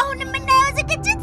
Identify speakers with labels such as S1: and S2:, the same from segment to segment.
S1: አሁን የምናየው ዝግጅት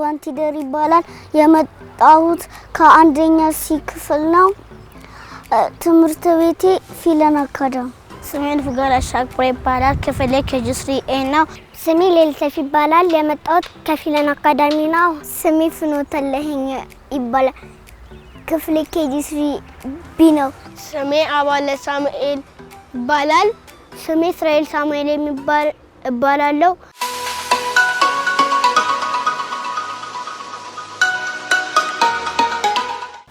S2: ባንቲደር ይባላል። የመጣሁት ከአንደኛ ሲ ክፍል ነው። ትምህርት ቤቴ ፊለን አካዳሚ።
S3: ስሜን ንፍጋር አሻግሮ ይባላል። ክፍሌ ኬጂ ስሪ ኤ ነው።
S4: ስሜ ሌልሰፊ ይባላል። የመጣሁት ከፊለን አካዳሚ ነው።
S5: ስሜ ፍኖተለህኝ ይባላል። ክፍሌ ኬጂ ስሪ ቢ ነው።
S6: ስሜ አባለ ሳሙኤል ይባላል። ስሜ እስራኤል ሳሙኤል የሚባል እባላለሁ።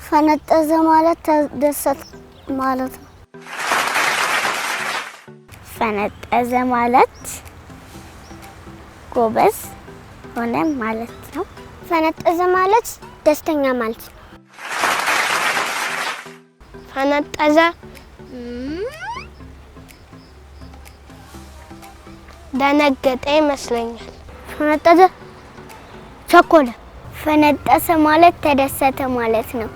S7: ፈነጠዘ ማለት ተደሰት ማለት ነው።
S8: ፈነጠዘ ማለት ጎበዝ ሆነ ማለት ነው።
S9: ፈነጠዘ ማለት ደስተኛ ማለት ነው።
S10: ፈነጠዘ ደነገጠ ይመስለኛል።
S11: ፈነጠዘ ቸኮለ።
S12: ፈነጠሰ ማለት ተደሰተ ማለት ነው።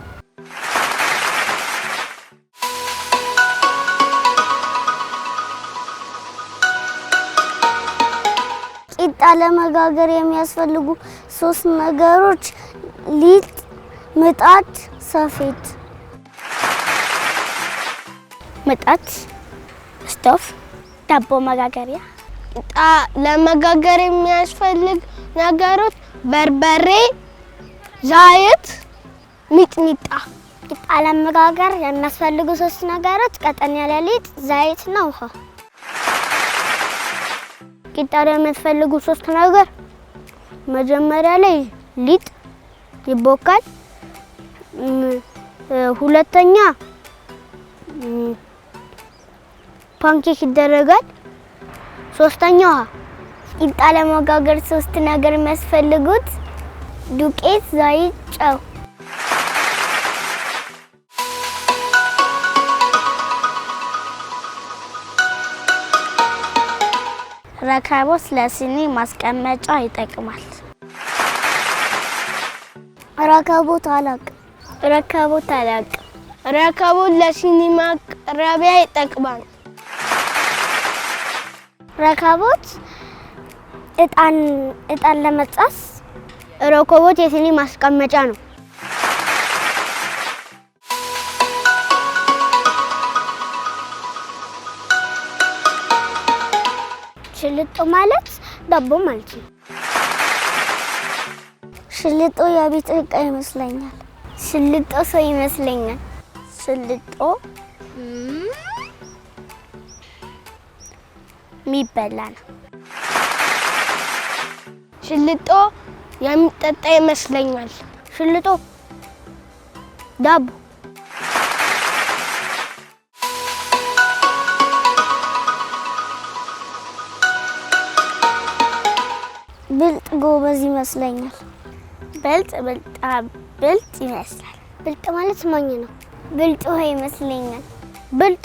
S13: ለመጋገር የሚያስፈልጉ ሶስት ነገሮች ሊጥ፣ ምጣድ፣ ሰፌድ።
S14: ምጣድ፣ ስቶፍ፣ ዳቦ መጋገሪያ።
S15: ለመጋገር የሚያስፈልግ ነገሮች በርበሬ፣ ዛይት፣ ሚጥሚጣ።
S16: ጣ ለመጋገር የሚያስፈልጉ ሶስት ነገሮች ቀጠን ያለ ሊጥ፣ ነው ውሃ
S17: ቂጣሪያ የሚያስፈልጉ ሶስት ነገር፣ መጀመሪያ ላይ ሊጥ ይቦካል። ሁለተኛ ፓንኬክ ይደረጋል። ሶስተኛ ውሃ።
S18: ቂጣ ለመጋገር ሶስት ነገር የሚያስፈልጉት ዱቄት፣ ዘይት፣ ጨው
S19: ረከቦት ለሲኒ ማስቀመጫ ይጠቅማል።
S20: ረከቦት አላቅ
S21: ረከቦት አላቅ፣
S22: ረከቦት ለሲኒ ማቅረቢያ ይጠቅማል።
S23: ረከቦት እጣን እጣን ለመጻስ። ረከቦት የሲኒ ማስቀመጫ ነው።
S24: ሽልጦ ማለት ዳቦ ማለት ነው።
S25: ሽልጦ የቤት እቃ ይመስለኛል።
S26: ሽልጦ ሰው ይመስለኛል።
S27: ሽልጦ የሚበላ ነው።
S28: ሽልጦ የሚጠጣ ይመስለኛል።
S29: ሽልጦ ዳቦ
S30: ጎበዝ ይመስለኛል።
S31: ብልጥ ብልጣ ብልጥ ይመስላል።
S32: ብልጥ ማለት ማኝ ነው?
S33: ብልጥ ውሃ ይመስለኛል።
S34: ብልጥ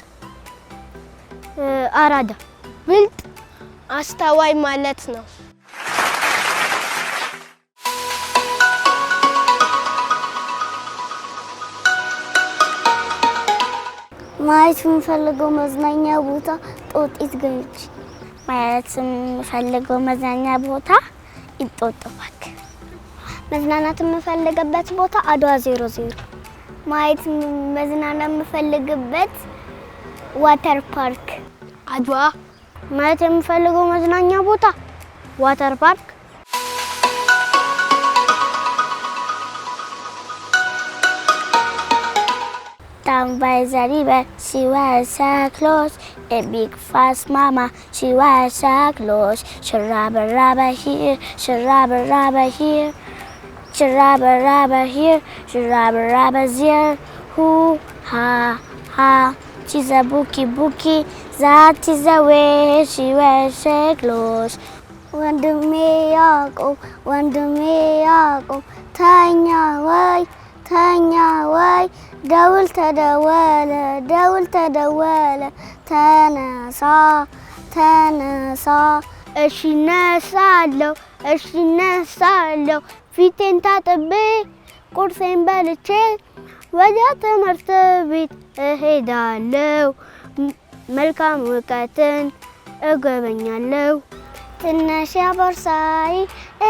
S34: አራዳ።
S35: ብልጥ አስተዋይ ማለት ነው።
S36: ማየት የምፈልገው መዝናኛ ቦታ ጦጢት ገንች።
S37: ማየት የምፈልገው መዝናኛ ቦታ እንጦጦ ፓርክ።
S38: መዝናናት የምፈልግበት ቦታ አድዋ ዜሮ ዜሮ።
S39: ማየት መዝናናት የምፈልግበት ዋተር ፓርክ
S40: አድዋ።
S41: ማየት የምፈልገው መዝናኛ ቦታ ዋተር ፓርክ
S42: down by the river. She wears her clothes, a big fast mama. She wears her clothes. rubber, rubber here, rubber, rubber here, rubber, rubber here, rubber, rubber there. Who ha ha. She's a bookie bookie. That is the way she wears a clothes.
S43: When do me go? When do me go? Tanya, why? ተኛ ወይ ደውል ተደወለ ደውል ተደወለ ተነሳ ተነሳ
S44: እሺ እነሳለሁ እሺ እነሳለሁ ፊቴን ታጥቤ ቁርሴን በልቼ ወደ ትምህርት ቤት እሄዳለሁ። መልካም እውቀትን እገበኛለሁ
S45: ትንሽ ቦርሳዬ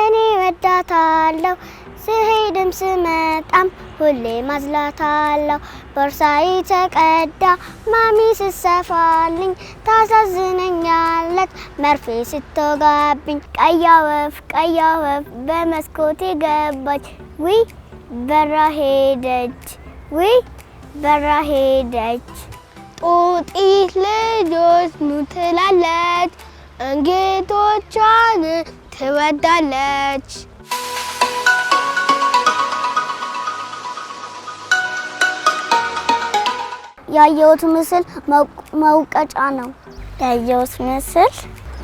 S45: እኔ ወዳታለሁ። ስሄድም ስመጣም ሁሌ ማዝላታለሁ። ቦርሳዬ ተቀዳ ማሚ ስሰፋልኝ ታሳዝነኛለች መርፌ ስትወጋብኝ። ቀይ አወፍ ቀይ አወፍ በመስኮቴ ገባች ውይ በራ ሄደች ውይ በራ ሄደች።
S46: ጦጢት ልጆች ኑ ትላለች እንጌቶቿን ትወዳለች።
S47: ያየሁት ምስል መውቀጫ ነው።
S48: ያየሁት ምስል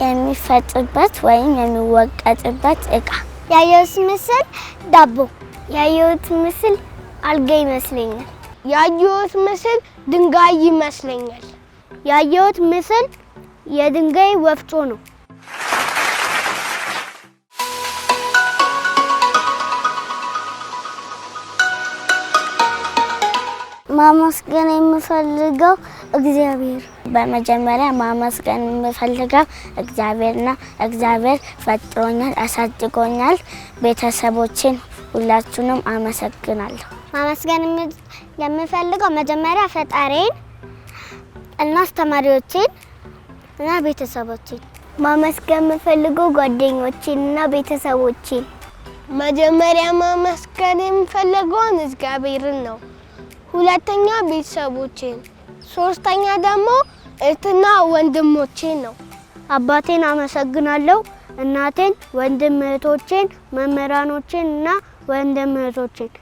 S48: የሚፈጥበት ወይም የሚወቀጥበት እቃ።
S49: ያየሁት ምስል ዳቦ።
S50: ያየሁት ምስል አልጋ ይመስለኛል።
S51: ያየሁት ምስል ድንጋይ ይመስለኛል።
S52: ያየሁት ምስል የድንጋይ ወፍጮ ነው።
S53: ማመስገን የምፈልገው እግዚአብሔር
S54: በመጀመሪያ ማመስገን የምፈልገው እግዚአብሔርና እግዚአብሔር ፈጥሮኛል፣ አሳድጎኛል። ቤተሰቦችን ሁላችሁንም አመሰግናለሁ።
S55: ማመስገን የምፈልገው መጀመሪያ ፈጣሪን እና አስተማሪዎችን እና ቤተሰቦችን።
S56: ማመስገን የምፈልገው ጓደኞችን እና ቤተሰቦችን።
S57: መጀመሪያ ማመስገን የምፈልገውን እግዚአብሔርን ነው። ሁለተኛ ቤተሰቦቼን፣ ሶስተኛ ደግሞ እህትና ወንድሞቼን ነው።
S58: አባቴን አመሰግናለሁ። እናቴን፣ ወንድም እህቶቼን፣ መምህራኖቼን እና ወንድም እህቶቼን